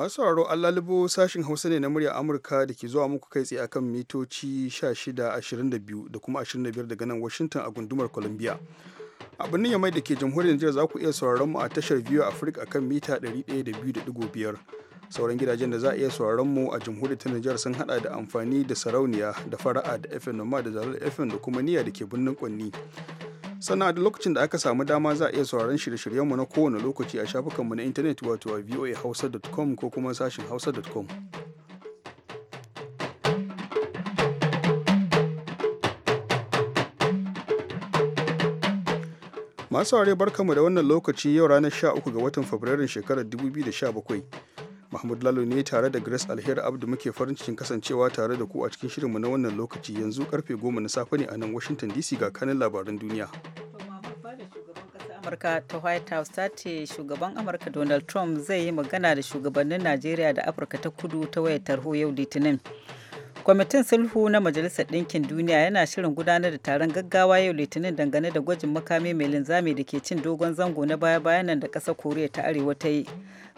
masu sauraro allalibo sashen sashin hausa ne na murya amurka da ke zuwa muku kai tsaye akan mitoci 1622 da kuma 25 daga nan washington a gundumar columbia a birnin yamai da ke jamhuriyar nijar za ku iya sauraron mu a tashar biyu afirka akan mita 102.5 sauran gidajen da za a iya sauraron mu a jamhuriyar ta nijar sun hada da amfani da sarauniya da fara'a da fm noma da zarar fm da kuma niyya da ke birnin kwanni sannan a duk lokacin da aka samu dama za a iya sauraron shirye-shiryenmu na kowane lokaci a shafukanmu na intanet wato a voahausa.com ko kuma sashin hausa.com masu ware barkamu da wannan lokaci yau ranar 13 ga watan fabrairun shekarar 2017 Mahmud Lalo ne tare da Grace Alheri Abdu muke farin cikin kasancewa tare da ku a cikin shirinmu na wannan lokaci yanzu karfe goma na safe ne a nan Washington DC ga kanin labaran duniya. Amurka ta White House ta ce shugaban Amurka Donald Trump zai yi magana da shugabannin Najeriya da Afirka ta kudu ta wayar tarho yau Litinin. Kwamitin sulhu na Majalisar Ɗinkin Duniya yana shirin gudanar da taron gaggawa yau Litinin dangane da gwajin makami mai linzami da ke cin dogon zango na baya bayanan da ƙasar Koriya ta Arewa ta yi.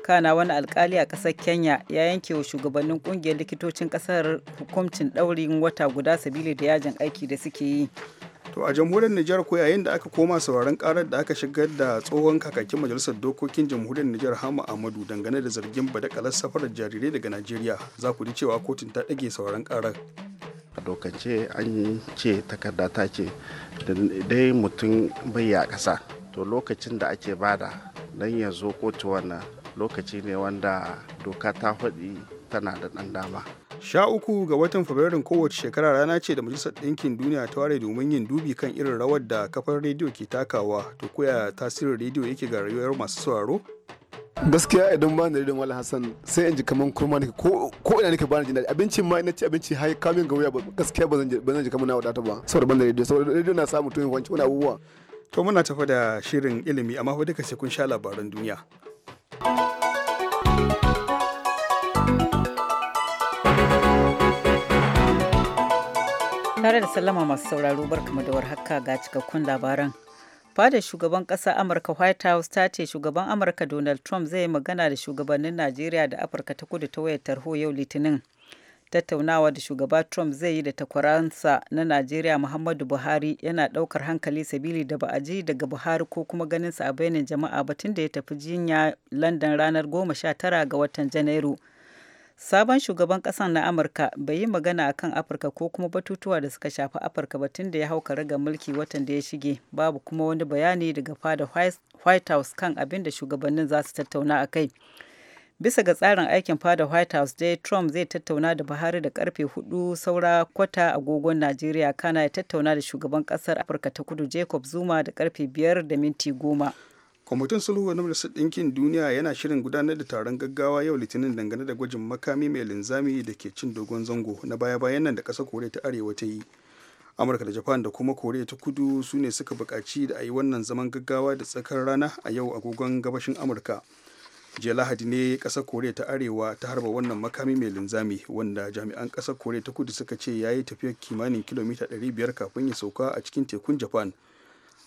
kana wani alkali a kasar kenya ya yanke wa shugabannin kungiyar likitocin kasar hukumcin daurin wata guda sabili da yajin aiki da suke yi to a jamhuriyar nijar ko yayin da aka koma sauraron karar da aka shigar da tsohon kakakin majalisar dokokin jamhuriyar nijar hama amadu dangane da zargin badakalar safarar jarirai daga najeriya za ku ji cewa kotun ta dage sauraron karar a dokance an ce takarda ta ce dai mutum bai a ƙasa to lokacin da ake bada don ya zo kotu wannan lokaci ne wanda doka ta faɗi tana da ɗan dama. Sha uku ga watan Fabrairun kowace shekara rana ce da Majalisar Ɗinkin Duniya ta ware domin yin dubi kan irin rawar da kafar rediyo ke takawa to koya tasirin rediyo yake ga rayuwar masu sauraro? Gaskiya idan ba ni rediyon Malam Hassan sai in ji kamar kurma ne ko ina nake ba ni jin daɗi abincin ma ina ci abinci har kamin ga wuya gaskiya ba zan ji kamar na wadata ba saboda ban da rediyo saboda rediyo na samu mutum wancan wani abubuwa. To muna tafa da shirin ilimi amma fa duka sai kun sha labaran duniya. tare da sallama masu sauraro barkamu da warhaka ga cikakkun labaran fada shugaban ƙasa amurka white house ta ce shugaban amurka donald trump zai yi magana da shugabannin najeriya da afirka ta kudu ta wayar tarho yau litinin tattaunawa da shugaba trump zai yi da takwaransa na najeriya muhammadu buhari yana daukar hankali sabili da ba ji daga buhari ko kuma ganinsa a bainin jama'a batun da ya tafi jinya london ranar 19 ga watan janairu sabon shugaban kasan na amurka bai yi magana akan afirka ko kuma batutuwa da suka shafi afirka batun da ya hau ga mulki watan da ya shige babu kuma wani bayani daga fada white house kan abin da shugabannin za su tattauna a kai bisa ga tsarin aikin fada white house dai trump zai tattauna da buhari da karfe hudu saura kwata agogon najeriya kana ya tattauna da shugaban kasar afirka ta kudu jacob zuma da karfe biyar da minti goma kwamitin sulhu na majalisar ɗinkin duniya yana shirin gudanar da taron gaggawa yau litinin dangane da gwajin makami mai linzami da ke cin dogon zango na baya-bayan nan da ƙasar koriya ta arewa ta yi amurka da japan da kuma koriya ta kudu su ne suka buƙaci da a yi wannan zaman gaggawa da tsakar rana a yau agogon gabashin amurka jiya lahadi ne kasar koriya ta arewa ta harba wannan makami mai linzami wanda jami'an kasar koriya ta kudu suka ce ya yi tafiyar kimanin kilomita 500 kafin ya sauka a cikin tekun japan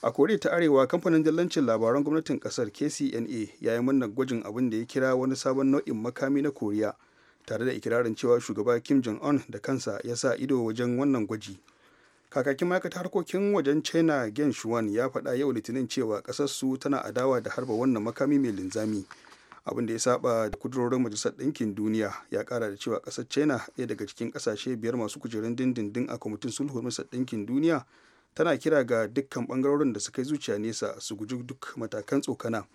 a koriya ta arewa kamfanin dillancin labaran gwamnatin kasar kcna ya yi murnar gwajin abin da ya kira wani sabon nau'in makami na koriya tare da ikirarin cewa shugaba kim jong un da kansa ya sa ido wajen wannan gwaji kakakin ma'aikatar harkokin wajen china gen shuan ya faɗa yau litinin cewa ƙasarsu tana adawa da harba wannan makami mai linzami abin da ya saba da kudurorin majalisar ɗinkin duniya ya kara da cewa kasar china ɗaya daga cikin ƙasashe biyar masu kujerun dindindin a kwamitin sulhu majalisar ɗinkin duniya tana kira ga dukkan ɓangarorin da suka yi zuciya nesa su guji duk matakan tsokana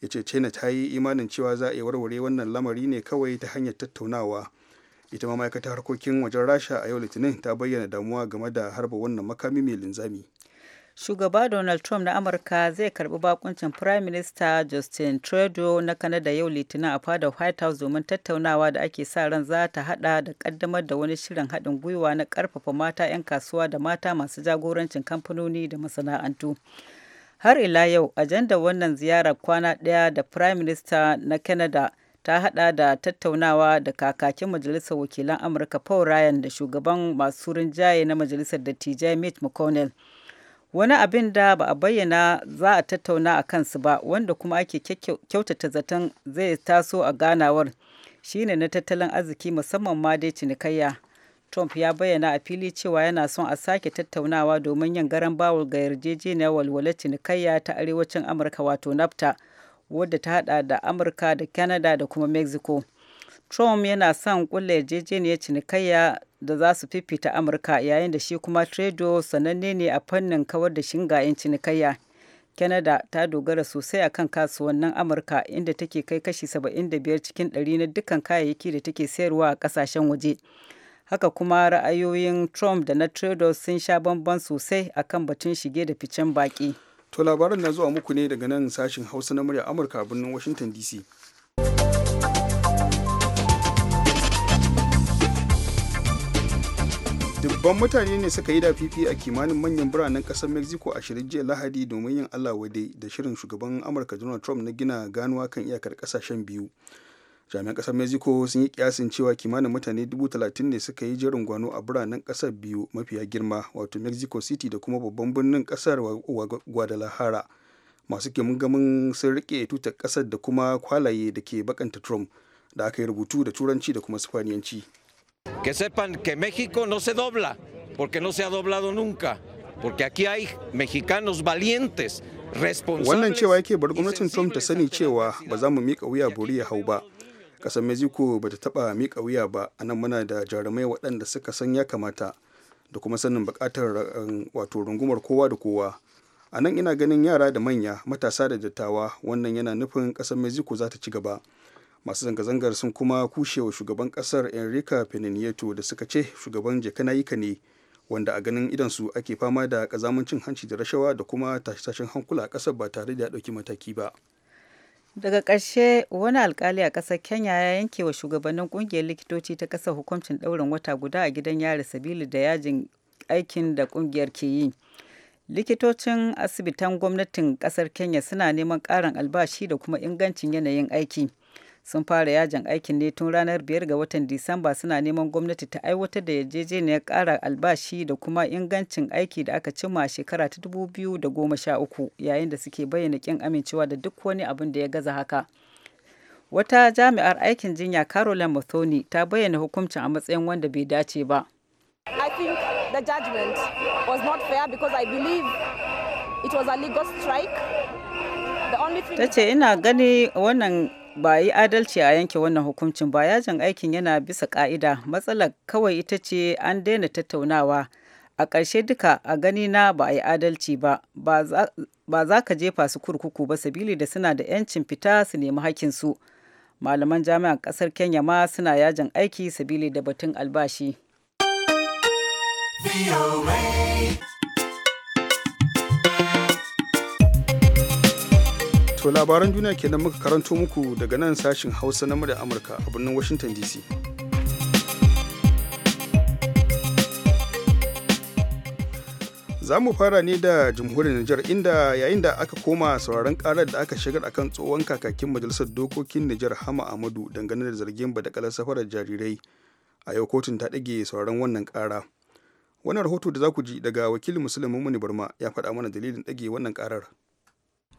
ya ce china ta yi imanin cewa za a yi warware wannan lamari ne kawai ta hanyar tattaunawa ita ma ma'aikatar harkokin wajen rasha a yau litinin ta bayyana damuwa game da harba wannan makami mai linzami shugaba donald trump na amurka zai karbi bakuncin prime minister justin trudeau na kanada yau litinin a fadar white house domin tattaunawa da ake sa ran za ta hada da kaddamar da wani shirin haɗin gwiwa na karfafa mata 'yan kasuwa da mata masu jagorancin kamfanoni da masana'antu har ila yau ajanda wannan ziyarar kwana ɗaya da prime minister na Kanada ta hada da tattaunawa da kakakin majalisar wakilan amurka paul ryan da shugaban masu rinjaye na majalisar dattijai mitch mcconnell wani abin da ba a bayyana za a tattauna a kansu ba wanda kuma ake kyautata zaton zai taso a ganawar shine na tattalin arziki musamman ma dai cinikayya trump ya bayyana a fili cewa yana son a sake tattaunawa domin yin garan bawul ga yarjejeniyar walwalar cinikayya ta arewacin amurka wato nafta wadda ta hada da amurka da canada da kuma mexico trump yana son kulle yarjejeniyar cinikayya da za su fifita amurka yayin da shi kuma tredo sananne ne a fannin kawar da shingayen cinikayya canada ta dogara sosai akan kasuwannin amurka inda take kai kashi 75 cikin 100 na dukkan kayayyaki da take sayarwa a kasashen waje haka kuma ra'ayoyin trump da na trudeau sun sha bamban sosai akan batun shige da ficen baki to labaran na zuwa muku ne daga nan sashin hausa na murya amurka a birnin washington dc dubban mutane ne suka yi da fifi a kimanin manyan biranen kasar mexico a shirin jiya lahadi domin yin allah wade da shirin shugaban amurka donald trump na gina ganuwa kan iyakar kasashen biyu jami'an kasar mexico sun yi kiyasin cewa kimanin mutane 30,000 ne suka yi jerin gwano a biranen kasar biyu mafiya girma wato mexico city da kuma babban birnin kasar guadalajara masu gamin sun rike tutar kasar da kuma kwalaye da ke bakanta trump da aka yi rubutu da turanci da kuma sifaniyanci Que sepan que México no se dobla, porque no se ha doblado nunca, porque aquí hay mexicanos valientes, responsables. Wannan cewa yake bar gwamnatin Trump ta sani cewa ba za mu miƙa wuya buri ya hau ba. ƙasar Mexico ba ta taɓa miƙa wuya ba, a nan muna da jarumai waɗanda suka san ya kamata da kuma sanin buƙatar um, wato rungumar kowa da kowa. A nan ina ganin yara da manya, matasa da dattawa, wannan yana nufin ƙasar Mexico za ta ci gaba. masu zanga-zangar sun kuma kushewa shugaban kasar enrica peninieto da suka ce shugaban jakanayika ne wanda a ganin idansu ake fama da kazamancin cin hanci da rashawa da kuma tashe-tashen hankula a kasar ba tare da ya ɗauki mataki ba daga ƙarshe wani alkali a ƙasar kenya ya yanke wa shugabannin ƙungiyar likitoci ta ƙasar hukuncin ɗaurin wata guda a gidan yari sabili da yajin aikin da ƙungiyar ke yi likitocin asibitan gwamnatin ƙasar kenya suna neman ƙarin albashi da kuma ingancin yanayin aiki sun fara yajin aikin ne tun ranar 5 ga watan disamba suna neman gwamnati ta aiwatar da yarjejeniyar kara albashi da kuma ingancin aiki da aka cimma shekara ta 2013 yayin da suke bayyana kin amincewa da duk wani abin da ya gaza haka wata jami'ar aikin jinya caroline mathoni ta bayyana hukuncin a matsayin wanda bai dace ba I not fair because I believe it a legal strike. Ta ce ina gani wannan ba yi adalci a yanke wannan hukuncin ba yajin aikin yana bisa ka'ida matsalar kawai ita ce an daina tattaunawa a ƙarshe duka a gani na ba a yi adalci ba ba za ka jefa su kurkuku ba sabili da suna da 'yancin fita su nemi hakinsu malaman jami'an ƙasar kenya ma suna yajin aiki sabili da batun albashi. To labaran duniya kenan muka karanto muku daga nan sashin Hausa na murya Amurka a birnin Washington DC. za mu fara ne da jamhuriyar Nijar inda yayin da aka koma sauraron karar da aka shigar akan tsohon kakakin majalisar dokokin Nijar Hama Amadu dangane da zargin badakalar safarar jarirai a yau kotun ta ɗage sauraron wannan kara. Wannan rahoto da za ku ji daga wakilin musulmin Mumuni Barma ya faɗa mana dalilin ɗage wannan karar.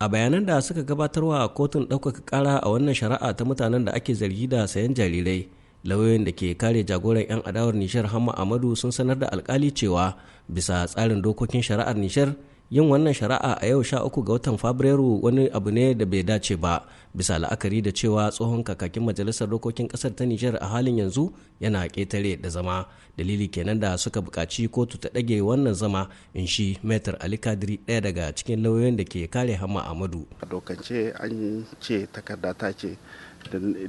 a bayanan da suka gabatarwa a kotun ɗaukaka ƙara a wannan shari'a ta mutanen da ake zargi da sayan jarirai lauyoyin da ke kare jagoran 'yan adawar nishar hamma amadu sun sanar da alkali cewa bisa tsarin dokokin shari'ar nishar yin wannan shari'a a yau sha uku ga watan fabrairu wani abu ne da bai dace ba bisa la'akari da cewa tsohon kakakin majalisar dokokin kasar ta nijar a halin yanzu yana ketare da zama dalili kenan da suka buƙaci kotu ta ɗage wannan zama in shi metar ali kadiri ɗaya daga cikin lauyoyin da ke kare hama amadu a dokance an ce takarda ta ce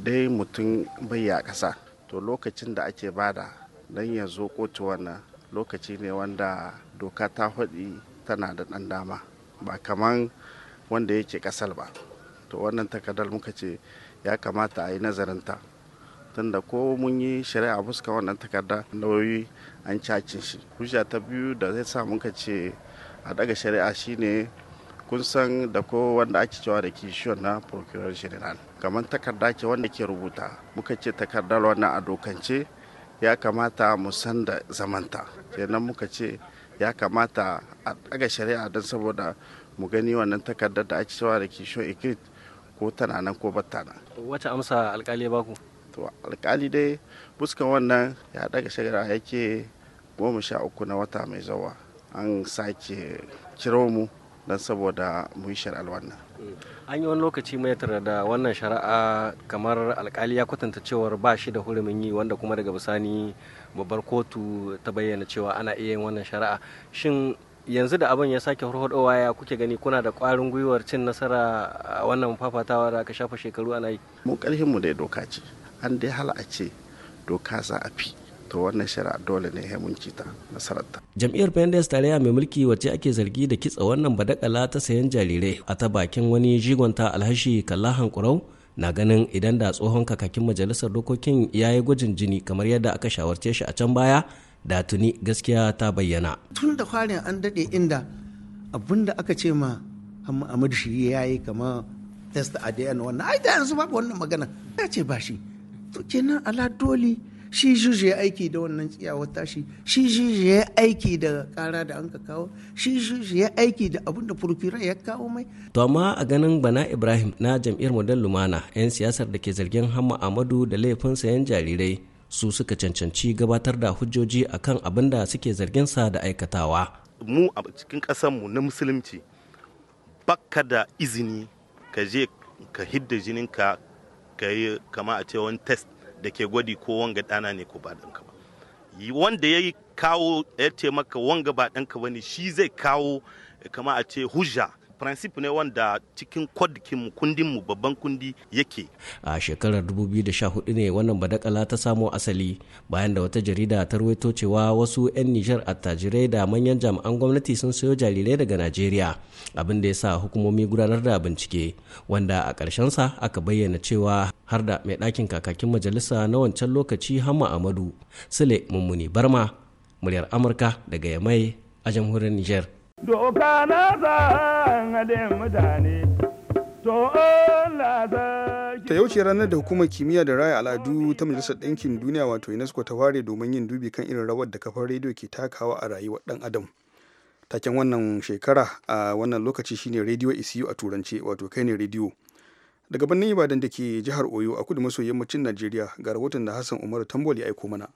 dai mutum bai ƙasa to lokacin da ake bada don ya zo kotu wannan lokaci ne wanda doka ta haɗi. tana da ɗan dama ba kaman wanda yake ƙasar ba to wannan takardar muka ce ya kamata a yi nazarinta tunda ko mun yi shari'a fuska wannan takarda nauyi an cacin shi hujja ta biyu da zai sa muka ce a daga shari'a shine kun san da ko wanda ake cewa da kishiyon na procurator general kamar takarda ce wanda ke rubuta muka ce takardar wannan a dokance ya kamata mu san da zamanta kenan muka ce ya kamata a daga shari'a don saboda mu gani wannan takardar da ake cewa da ke ikrit ko tana nan ko batta nan wata amsa alkali ba ku to alkali dai buskan wannan ya daga shari'a yake goma sha uku na wata mai zawa an sake kiro mu don saboda mu yi shari'ar wannan mm. an yi wani lokaci mai da wannan shari'a kamar alkali ya kwatanta cewar ba shi da hurumin yi wanda kuma daga bisani babbar kotu ta bayyana cewa ana iya yin wannan shari'a shin yanzu da abin ya sake hurhudowa ya kuke gani kuna da kwarin gwiwar cin nasara a wannan fafatawa da aka shafa shekaru ana yi mu karhin mu doka ce an dai hala a ce doka za a fi to wannan shari'a dole ne ya munci ta nasararta. jam'iyyar pendes tarayya mai mulki wacce ake zargi da kitsa wannan badakala ta sayan jarirai a ta bakin wani jigonta alhashi kallahan hankurau na ganin idan da tsohon kakakin majalisar dokokin ya yi gwajin jini kamar yadda aka shawarce shi a can baya da tuni gaskiya ta bayyana tun da farin an dade inda abin da aka ce ma amadu shi ya yi kama test adn wannan ai da yanzu babu wannan magana ya ce ba shi to kenan ala doli shi shi ya aiki da wannan tsiyawar tashi shi shi ya aiki da kara da an ka kawo shi shi ya aiki da abin da furfira ya kawo mai to amma a ganin bana ibrahim na jam'iyyar model lumana yan siyasar da ke zargin hamma amadu da laifin sayan jarirai su suka cancanci gabatar da hujjoji akan abin da suke zargin sa da aikatawa mu a cikin mu na musulunci bakka da izini ka je ka hidda jinin ka yi kama a ce wani test da ke gwadi ko wanga dana ne ko ba ɗanka ba wanda ya kawo ya ce wanga ba ɗanka ba ne shi zai kawo kama a ce hujja Prinsip ne wanda cikin kwadikin mu babban kundi yake a shekarar 2014 ne wannan badakala ta samo asali bayan da wata jarida ta ruwaito cewa wasu 'yan nijar attajirai da manyan jami'an gwamnati sun sayo jarirai daga najeriya abin da ya sa hukumomi gudanar da bincike wanda a karshen sa aka bayyana cewa har da mai ɗakin kakakin majalisa na wancan lokaci hamma amadu sule mummuni barma muryar amurka daga yamai a jamhuriyar nijar. ta yau ranar da hukumar kimiyya da raya al'adu ta majalisar ɗinkin duniya wato unesco ta ware domin yin dubi kan irin rawar da kafar rediyo ke takawa a rayuwar ɗan adam taken wannan shekara a wannan lokaci shine rediyo isiyu a turance wato kai ne rediyo daga birnin ibadan da ke jihar oyo a kudu maso yammacin najeriya ga rahoton da hassan umaru tambol ya aiko mana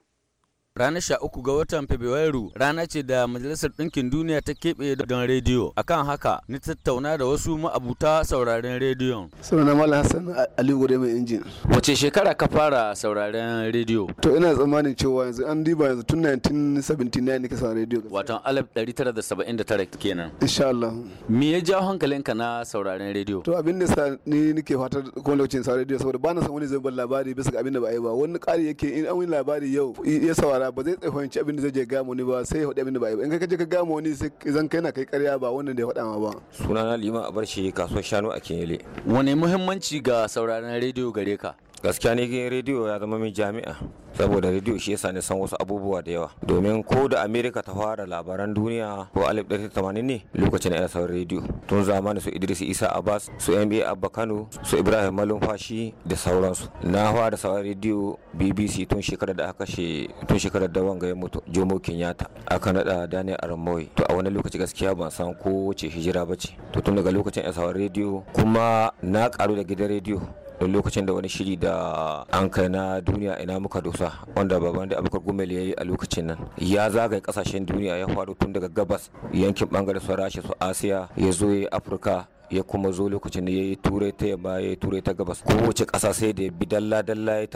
ranar sha uku ga watan fabrairu rana ce da majalisar ɗinkin duniya ta keɓe don rediyo akan haka ni tattauna da wasu ma'abuta sauraren rediyon sunana malam hassan ali gode mai injin wace shekara ka fara sauraren rediyo to ina tsammanin cewa yanzu an diba yanzu tun 1979 ne ka sauraren rediyo watan 1979 kenan insha Allah me ya jawo hankalinka na sauraren rediyo to abin da ni nake fatar ko lokacin sauraren rediyo saboda ba na san wani zai bar labari bisa ga abin da ba a yi ba wani ƙari yake in an wani labari yau ya saurara kara ba zai tsohonci abin da zai je gamo ni ba sai ya faɗi abin da ba in ka je ka gamo ni sai zan kai na kai karya ba wannan da ya faɗa ma ba sunana lima a bar shi kasuwar shanu a kenyele wane muhimmanci ga sauraron rediyo gare ka gaskiya ne rediyo ya zama mai jami'a saboda rediyo shi yasa ne san wasu abubuwa da yawa domin ko da Amerika ta fara labaran duniya ko alif ɗari tamanin ne lokacin ya sauran rediyo tun zamani su idris isa abbas su mba abba kano su ibrahim malumfashi da sauransu na fara sauran rediyo bbc tun shekarar da aka kashe tun shekarar da wanga ya mutu jomo kenyatta aka naɗa daniel aramoy to a wani lokaci gaskiya ban san ko wace hijira ba ce to tun daga lokacin ya sauran rediyo kuma na karu da gidan rediyo don lokacin da wani shiri da an kai na duniya ina muka dosa wanda baban da abubakar gumel ya yi a lokacin nan ya zagaye kasashen duniya ya faru tun daga gabas yankin bangaren su rasha su asiya ya zo ya yi afirka ya kuma zo lokacin da ya yi turai ta yamma ya yi turai ta gabas kowace ƙasa sai da bi dalla dalla ya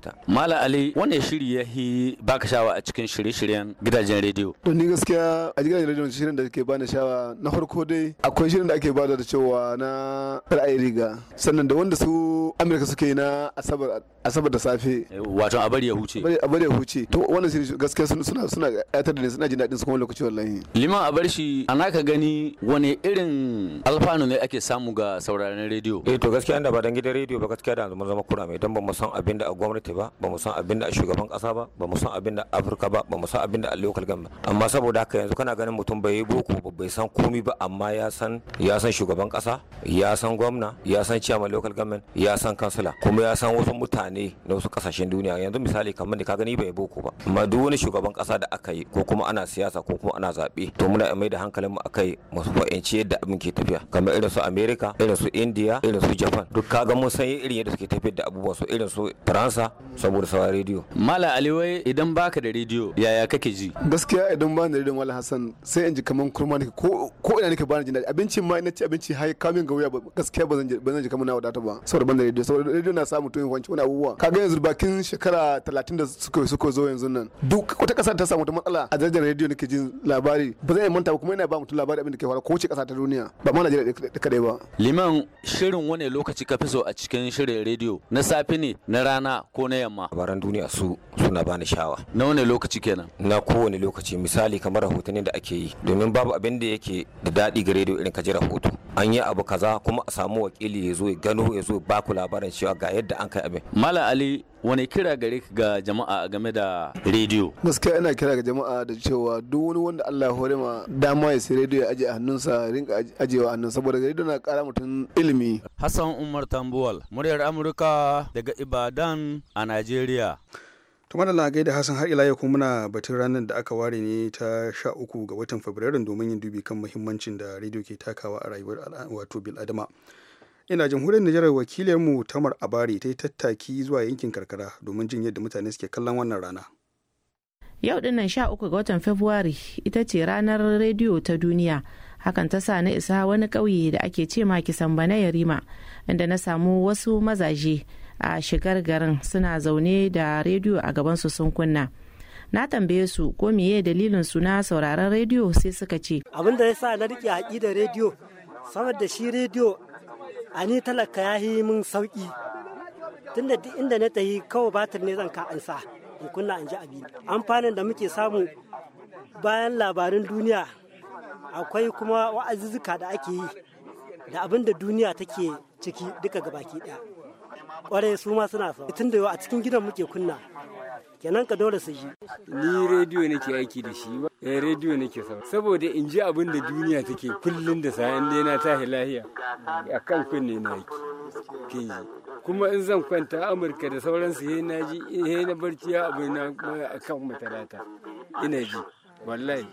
ta. mala ali wannan shiri ya yi baka shawa a cikin shirye-shiryen gidajen rediyo to ni gaskiya a gidajen rediyo shirin da ke bani shawa na farko dai akwai shirin da ake bada da cewa na ra'ayi riga sannan da wanda su amurka suke yi na asabar asabar da safe wato a bari ya huce a bari ya huce to wannan shirin gaskiya suna suna ayatar da ne suna jin daɗin su kuma lokaci wallahi liman a bar shi ana ka gani wani irin alfanu ne ake samu ga sauraron rediyo eh to gaskiya da ba dan gidan rediyo ba gaskiya da yanzu mun zama kurame dan ba mu san abin da a gwamnati ba ba mu san abin da a shugaban kasa ba ba mu san abin da Afirka ba ba mu san abin da a local gamba amma saboda haka yanzu kana ganin mutum bai yi boko ba bai san komi ba amma ya san ya san shugaban kasa ya san gwamna ya san chairman local government ya san kansila kuma ya san wasu mutane na wasu kasashen duniya yanzu misali kamar da ka gani bai boko ba amma duk wani shugaban kasa da aka yi ko kuma ana siyasa ko kuma ana zabe to muna mai da hankalinmu akai mu fahimci yadda abin ke tafiya kamar irin su america irin su india irin su japan duk kaga mun san irin yadda suke tafiyar da abubuwan su irin su faransa saboda sauran rediyo mala aliwai idan baka da rediyo yaya kake ji gaskiya idan ba da rediyo mala hassan sai in ji kaman kurma ne ko ko ina nake bani jin abinci ma ina ci abinci har kamin ga wuya gaskiya ba zan ji ba zan ji kaman na wadata ba saboda ban da rediyo saboda rediyo na samu to wanci wani abubuwa kaga yanzu bakin shekara 30 da suka suka zo yanzu nan duk wata kasa ta samu wata matsala a darajar rediyo nake jin labari ba zan manta ba kuma ina ba mutum labari abin da ke faru ko ce kasa ta duniya ba ma Najeriya kadai ba liman shirin wani lokaci ka fi so a cikin shirin rediyo na safe ne na rana ko na yamma labaran duniya su suna bani shawa na wani lokaci kenan na kowane lokaci misali kamar rahotanni da ake yi domin babu abin da yake da daɗi ga rediyo irin ka ji rahoto an yi abu kaza kuma a samu wakili ya zo ya gano ya zo ba ku labarin cewa ga yadda an kai abin mala ali wani kira gare ga jama'a game da rediyo gaskiya ina kira ga jama'a da cewa duk wani wanda Allah ya hore ma dama ya sai rediyo ya aje a hannunsa rinka ajewa hannun saboda rediyo na kara mutum ilimi Hassan Umar Tambuwal muryar Amurka daga Ibadan a Najeriya to da lagai da hassan har ila yau muna batun ranar da aka ware ne ta sha uku ga watan Fabrairu domin yin dubi kan muhimmancin da rediyo ke takawa a rayuwar wato bil adama ina jamhuriyar nijar mu tamar abari ta yi tattaki zuwa yankin karkara domin jin yadda mutane suke kallon wannan rana yau din sha uku ga watan february ita ce ranar rediyo ta duniya hakan ta sa na isa wani ƙauye da ake ce ma bana na yarima inda na samu wasu mazaje a shigar garin suna zaune da rediyo a gaban su sun kunna na tambaye su ko meye dalilin su na sauraron rediyo sai suka ce abin da ya sa na rike haƙi da rediyo saboda shi rediyo a ni talaka ya yi min sauki tunda duk inda na tahi kawai batir ne zan ka ansa in kunna an ji abin amfanin da muke samu bayan labarin duniya akwai kuma wa'azuzzuka da ake yi da abin da duniya take ciki duka gabaki daya kwarai su ma suna so tun da a cikin gidan muke kunna kenan ka dole su ji ni rediyo nake aiki da shi ba eh rediyo nake sa saboda in ji abin da duniya take kullun da sa'an dai tahi lahiya kan kunne na aiki. kuma in zan kwanta amurka da sauransu he na ji he na barci abin na akan matalata ina ji wallahi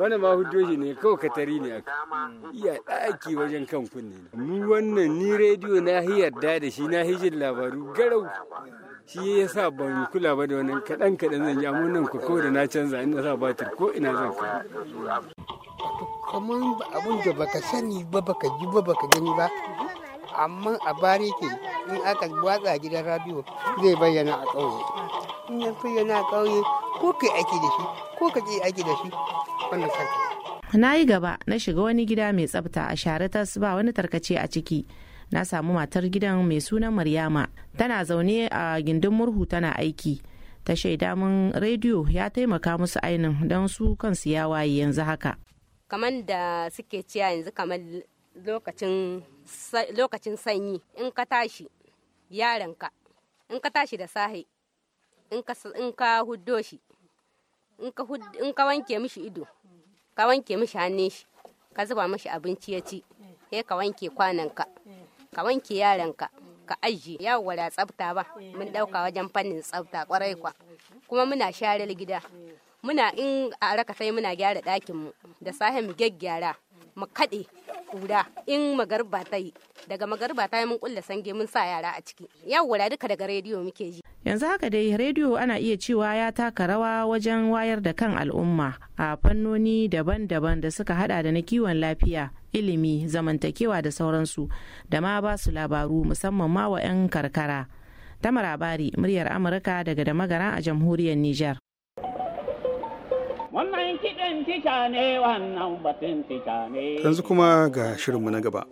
wani ma hujjoji ne kawai katari ne aka iya ɗaki wajen kan kunne mu wannan ni rediyo na yarda da shi na hijin labaru garau shi ya sa ban kula ba da wani kaɗan kaɗan zan ji amma nan ko da na canza ina sa batir ko ina zan kai kamar abun da baka sani ba baka ji ba baka gani ba amma a bari ke in aka watsa gidan radio zai bayyana a ƙauye in ya bayyana a ƙauye ko kai aiki da shi ko ka je aiki da shi wannan sarki. na yi gaba na shiga wani gida mai tsafta a share tas ba wani tarkace a ciki na samu matar gidan mai sunan maryama tana zaune a gindin murhu tana aiki ta shaida mun rediyo ya taimaka musu ainin don su kansu ya waye yanzu haka kamar da suke ciya yanzu kamar lokacin sanyi in ka tashi yaranka in ka tashi da sahi in ka huddo shi in ka wanke mishi ido ka wanke mishi hannun shi ka zuba mishi abinci ya ci sai ka wanke kwananka ka wanke yaranka ka aji yawo da tsafta ba mun dauka wajen fannin tsafta kwarai kwa kuma muna sharar gida muna in a raka sai muna gyara ɗakin mu da safe mu gyaggyara mu kaɗe kura in magarba ta yi daga magarba ta yi mun kulle sange mun sa yara a ciki yawwa duka daga rediyo muke ji yanzu haka dai rediyo ana iya cewa ya taka rawa wajen wayar da kan al'umma a fannoni daban-daban da suka hada da na kiwon lafiya ilimi zamantakewa da sauransu da ma ba su labaru musamman ma wa 'yan karkara tamar abari muryar amurka daga da magara a jamhuriyar nijar. batun kuma ga shirinmu na gaba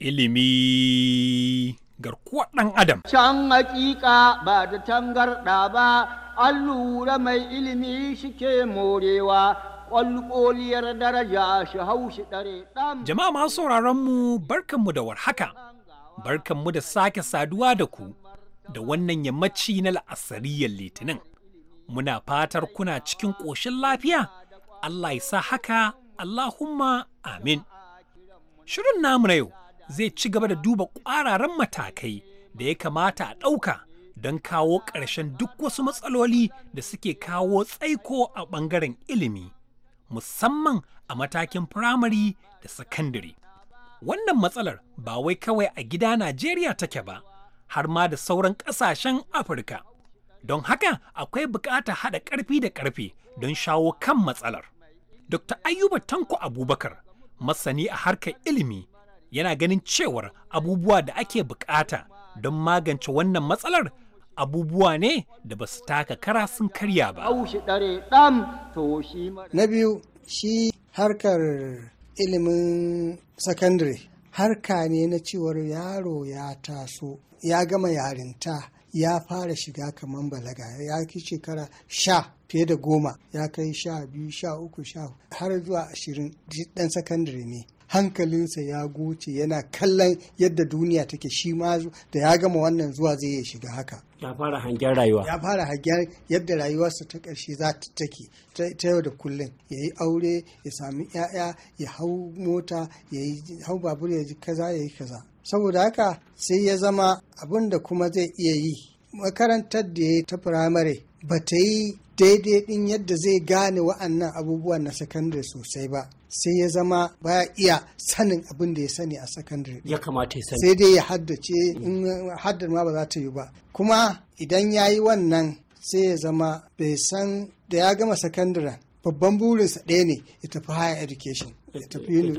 ilimi garkuwar ɗan adam can hakika ba da tangarɗa ba an lura mai ilimi shike morewa ƙwalƙoliyar daraja shi hau shi ɗare ɗan jama'a masu sauraron mu barkanmu da warhaka barkanmu da sake saduwa da ku da wannan yammaci na la'asariyar litinin muna fatar kuna cikin ƙoshin lafiya Allah ya sa haka Allahumma amin shirin namu na yau zai ci gaba da duba ƙwararan matakai da ya kamata a ɗauka don kawo ƙarshen duk wasu matsaloli da suke kawo tsaiko a ɓangaren ilimi musamman a matakin firamare da sakandare wannan matsalar ba wai kawai a gida najeriya take ba har ma da sauran ƙasashen afirka Don haka akwai bukata haɗa ƙarfi da ƙarfe don shawo kan matsalar. Dr. Ayuba Tanko Abubakar, masani a harkar ilimi, yana ganin cewar abubuwa da ake bukata don magance wannan matsalar abubuwa ne da ba su taka kara sun karya ba. Na biyu shi harkar ilimin sakandare harka ne na cewar yaro ya taso ya gama yarinta ya fara shiga kamar balaga ya ki shekara sha fiye da goma ya kai sha biyu sha uku sha har zuwa ashirin dan sakandare ne hankalinsa ya goce yana kallon yadda duniya take shi ma da ya gama wannan zuwa zai ya shiga haka ya fara hangen rayuwa ya fara hangen yadda rayuwarsa ta ƙarshe za ta take ta yau da kullum ya yi aure ya sami 'ya'ya ya hau mota ya yi hau babur ya ji kaza ya yi kaza saboda haka sai ya zama abin da kuma zai iya yi makarantar da ya yi ta firamare ba ta yi daidai ɗin yadda zai gane wa'annan abubuwan na sakandare sosai ba sai ya zama baya iya sanin abin da ya sani a sakandare ya kamata ya sani sai dai ya haddace in haddar ma ba za ta yi ba kuma idan ya yi wannan sai ya zama bai san da ya gama sakandare babban burinsa ɗaya ne ya tafi higher education tafi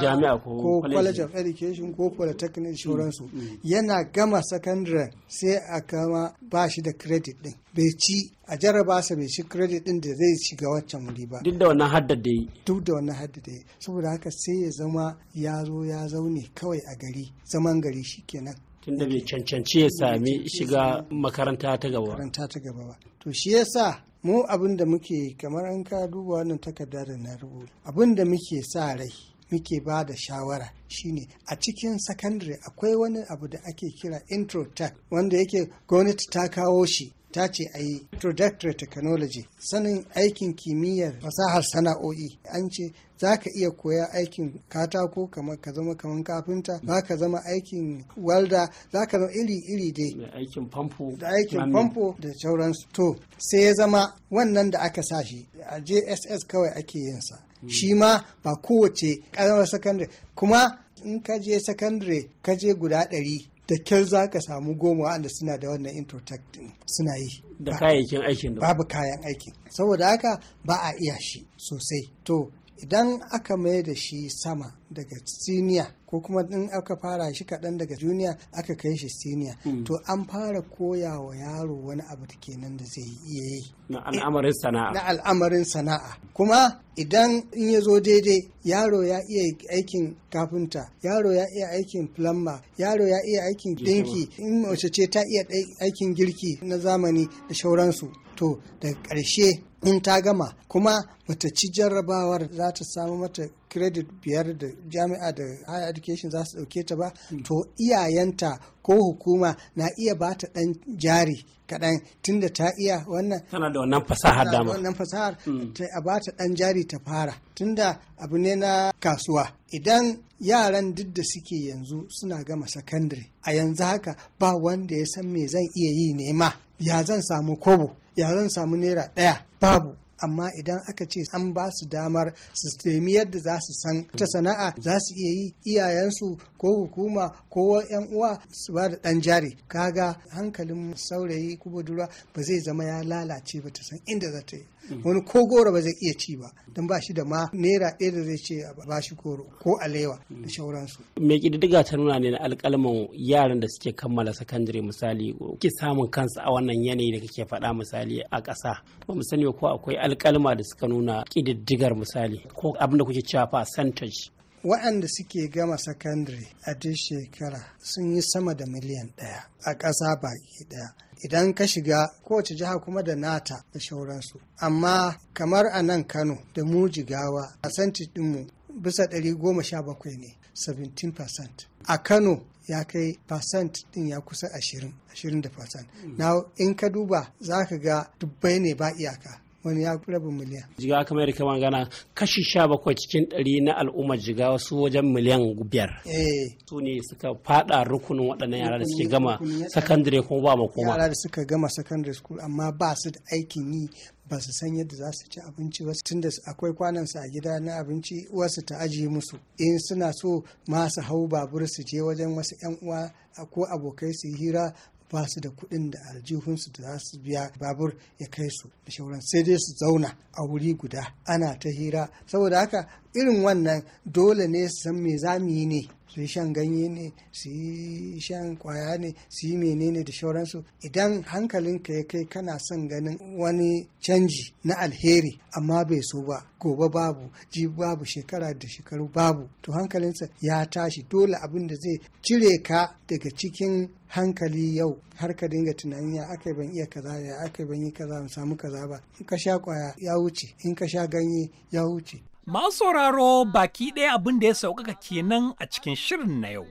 jami'a ko college of education ko polytechnic sauransu mm, mm. yana gama secondary sai a kama ba shi da credit din bai ci a jaraba sa bai ci credit din da zai shiga waccan wuri ba duk da wannan haddar da yi duk da wannan haddar da yi saboda haka sai ya zama ya zo ya zaune kawai a gari zaman gari shikenan tunda bai cancanci ya sami shiga makaranta ta gaba makaranta ta gaba ba to shi yasa mu abin da muke kamar an ka duba wannan takarda da na rubuta abin da muke sa rai muke ba da shawara shine a cikin secondary akwai wani abu da ake kira "intro tech" wanda yake gwamnati ta kawo shi ta ce a yi introductory technology sanin aikin kimiyyar fasahar sana'o'i an ce za ka iya koya aikin katako kamar ka zama kamar kafinta za ka zama aikin walda za ka zama iri-iri dai da aikin famfo da sauran to sai ya zama wannan da aka sa shi a jss kawai ake yinsa hmm. shi ma ba kowace ƙaramar sakandare kuma in ka je sakandare ka je guda ɗari da kyar za ka samu goma waɗanda suna da wannan introtect suna yi da kayayyakin aikin babu kayan aikin saboda haka ba a iya shi sosai to idan aka mai da shi sama daga siniya ko kuma in aka fara shi kaɗan daga duniya aka kai shi siniya hmm. to an fara koya wa yaro wani abu da kenan da zai iya yi na al'amarin sana'a kuma idan in ya zo daidai yaro ya iya aikin kafinta yaro ya iya aikin plumber yaro ya iya aikin dinki in mace ce ta iya aikin girki na zamani da shauransu to da ƙarshe in ta gama kuma bata ci jarrabawar za ta samu mata credit biyar da jami'a da higher education za su dauke ta ba hmm. to iyayenta ko hukuma na iya ba ta dan jari kaɗan tunda ta iya wannan tana da wannan fasahar dama wannan fasahar hmm. ta a ba ta dan jari ta fara tunda abu ne na kasuwa idan yaran duk da suke yanzu suna gama sakandare a yanzu haka ba wanda ya san me zan iya yi nema ya zan samu kobo ya zan samu naira ɗaya babu amma idan aka ce an ba su damar su nemi yadda za su san ta sana'a za su iya yi iyayensu ko hukuma ko yan uwa su ba da dan jari kaga hankalin saurayi ko budurwa ba zai zama ya lalace ba ta san inda za ta yi Mm. wani ko goro ba zai iya ci ba don ba shi da ma naira ɗaya da zai ce a ba shi goro ko alewa da mm. shauransu. me ƙididdiga ta nuna ne na alƙalman yaran da suke kammala sakandare misali ke samun kansu a wannan yanayi da kake faɗa misali a ƙasa ba mu sani ko akwai alƙalma da suka nuna ƙididdigar misali ko abin da kuke cewa percentage waɗanda suke gama sakandare a duk shekara sun yi sama da miliyan ɗaya a ƙasa baki ɗaya idan ka shiga kowace jiha kuma da nata da shauransu amma kamar a nan kano da mu jigawa a ɗinmu bisa ɗari goma sha bakwai ne 17% a kano ya kai percent din ya kusa 20% hmm. na in ka duba za ka ga dubbai ne ba iyaka wani ya raba miliyan. Jigawa kamar yadda kama gana kashi sha bakwai cikin ɗari na al'ummar jigawa su wajen miliyan biyar. Eh. Su ne suka fada rukunin waɗannan yara da suke gama sakandare ko ba makoma. Yara da suka gama sakandare school amma ba su da aikin yi ba su san yadda za su ci abinci ba tunda akwai su a gida na abinci wasu ta ajiye musu in suna so masu su hau babur su je wajen wasu 'yan uwa ko abokai su yi hira ba su da kuɗin da aljihunsu da za su biya babur ya kai su da shauran sai dai su zauna a wuri guda ana ta hira saboda haka irin wannan dole ne su san me za mu yi ne su yi shan ganye ne su yi shan kwaya ne su yi menene da shauransu idan hankalinka ya kai kana son ganin wani canji na alheri amma bai so ba gobe babu ji babu shekara da shekaru babu to hankalinsa ya tashi dole abin da zai cire ka daga cikin hankali yau har ka dinga tunanin ya aka ban iya kaza ya aka ban yi kaza samu kaza ba in ka sha kwaya ya wuce in ka sha ganye ya wuce Masu sauraro baki ɗaya abin da ya sauƙaƙa kenan a cikin shirin na yau.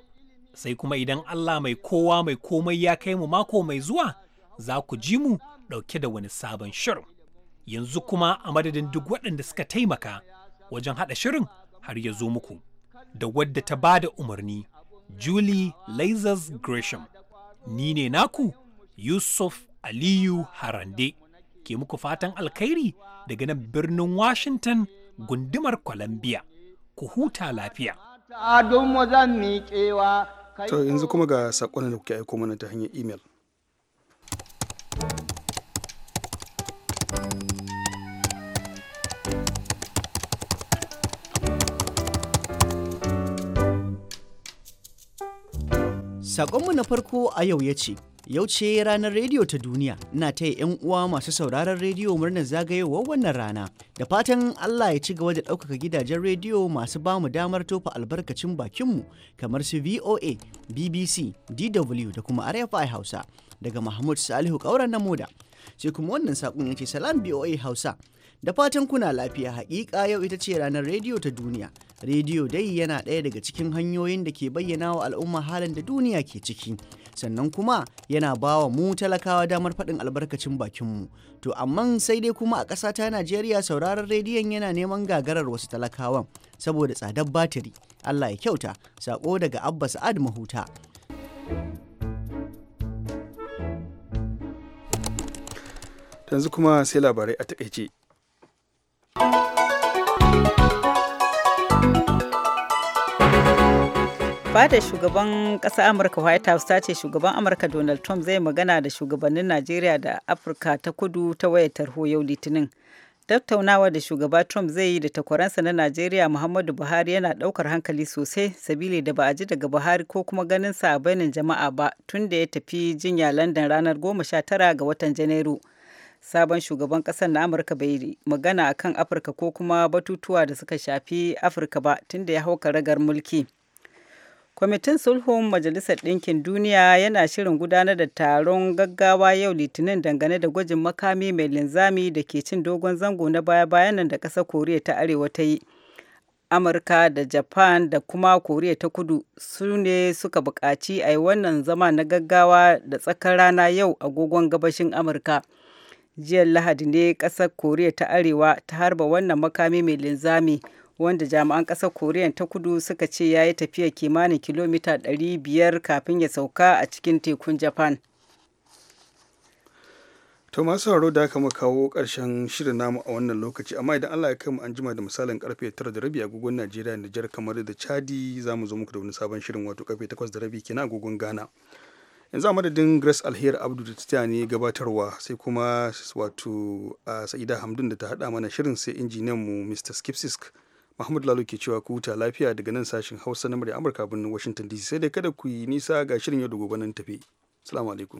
Sai kuma idan Allah mai kowa mai komai ya kai mu mako mai zuwa za ku ji mu ɗauke da wani sabon shirin. Yanzu kuma a madadin duk waɗanda suka taimaka wajen haɗa shirin har ya zo muku. Da wadda ta ba da umarni, Julie Lazars Gresham. Ni ne naku Yusuf Aliyu Harande. Ke muku fatan alkhairi daga nan birnin Washington gundumar Columbia. Ku huta lafiya. To yanzu kuma ga saƙon da kuke aiko mana ta hanyar imel. Saƙonmu na farko a yau ya ce, Yau ce ranar rediyo ta duniya, ina taya 'yan uwa masu sauraron rediyo murnar zagayowar wannan rana. Da fatan Allah ya ci gaba da ɗaukaka gidajen rediyo masu bamu damar tofa albarkacin bakinmu kamar su VOA, BBC, DW da kuma RFI Hausa daga Mahmud Salihu ƙauren na moda. Sai kuma wannan saƙon ya ce salam BOA Hausa. da fatan kuna lafiya haƙiƙa yau ita ce ranar rediyo ta duniya rediyo dai yana ɗaya daga cikin hanyoyin da ke bayyana wa al'umma halin da duniya ke ciki sannan kuma yana ba wa mu talakawa damar faɗin albarkacin bakinmu to amma sai dai kuma a ƙasata ta najeriya sauraron rediyon yana neman gagarar wasu talakawan saboda tsadar batiri allah ya kyauta saƙo daga abba sa'ad mahuta yanzu kuma sai labarai a takaice fada shugaban ƙasa amurka white house ta ce shugaban amurka donald trump zai magana da shugabannin najeriya da afirka ta kudu ta wayar tarho yau litinin tattaunawa da shugaba trump zai yi da takwaransa na najeriya muhammadu buhari yana ɗaukar hankali sosai sabili da ba a ji daga buhari ko kuma ganin sa a bainin jama'a ba tun da ya tafi jinya london ranar sha tara ga watan janairu sabon shugaban kasar na amurka bai magana akan afirka ko kuma batutuwa da suka shafi afirka ba tun da ya hau ragar mulki kwamitin sulhun majalisar ɗinkin duniya yana shirin gudanar da taron gaggawa yau litinin dangane da gwajin makami mai linzami da ke cin dogon zango na baya-bayan nan da ƙasar koriya ta arewa ta yi amurka da japan da kuma koriya ta kudu su ne suka buƙaci a yi wannan zama na gaggawa da tsakar rana yau agogon gabashin amurka jiya lahadi ne ƙasar koriya ta arewa ta harba wannan makami mai linzami wanda jami'an ƙasar koriya ta kudu suka ce ya yi tafiya kimanin kilomita 500 kafin ya sauka a cikin tekun japan to masu sauraro da aka mu kawo ƙarshen shirin namu a wannan lokaci amma idan allah ya kai mu an jima da misalin karfe 9 da rabi agogon najeriya da nijar kamar da chadi za mu zo muku da wani sabon shirin wato karfe 8 da rabi kenan agogon ghana yanzu a madadin grace alheri abdu da ta ne gabatarwa sai kuma wato a ah, sa'ida hamdun da ta haɗa mana shirin sai injiniyan mu mr skipsisk Mahmud lalu ke cewa ku huta lafiya daga nan sashen Hausa na murya Amurka birnin Washington DC sai dai kada ku yi nisa ga shirin yau da gobe nan tafi. Assalamu alaikum.